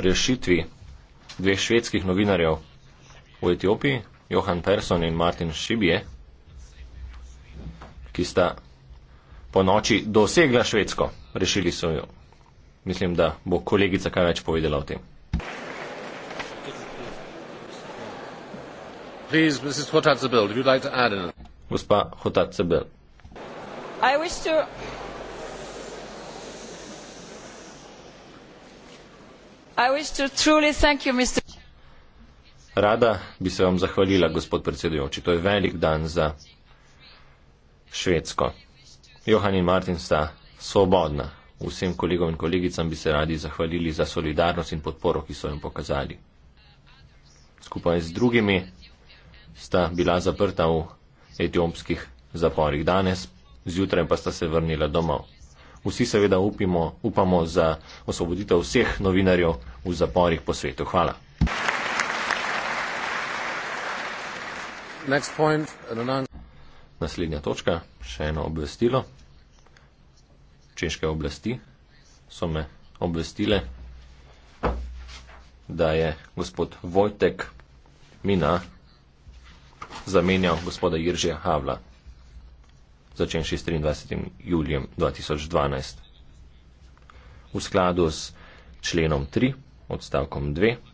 rešitvi dveh švedskih novinarjev v Etiopiji, Johan Persson in Martin Šibije, ki sta po noči dosegla Švedsko. Rešili so jo. Mislim, da bo kolegica kaj več povedala o tem. Please, Gospa Hotat Sebel. Rada bi se vam zahvalila, gospod predsedujoči. To je velik dan za Švedsko. Johan in Martin sta svobodna. Vsem kolegom in kolegicam bi se radi zahvalili za solidarnost in podporo, ki so jim pokazali. Skupaj z drugimi sta bila zaprta v etiopskih zaporih. Danes zjutraj pa sta se vrnila domov vsi seveda upimo, upamo za osvoboditev vseh novinarjev v zaporih po svetu. Hvala. Point, Naslednja točka, še eno obvestilo. Češke oblasti so me obvestile, da je gospod Vojtek Mina zamenjal gospoda Jiržija Havla začenši s 23. julijem 2012. V skladu s členom 3 odstavkom 2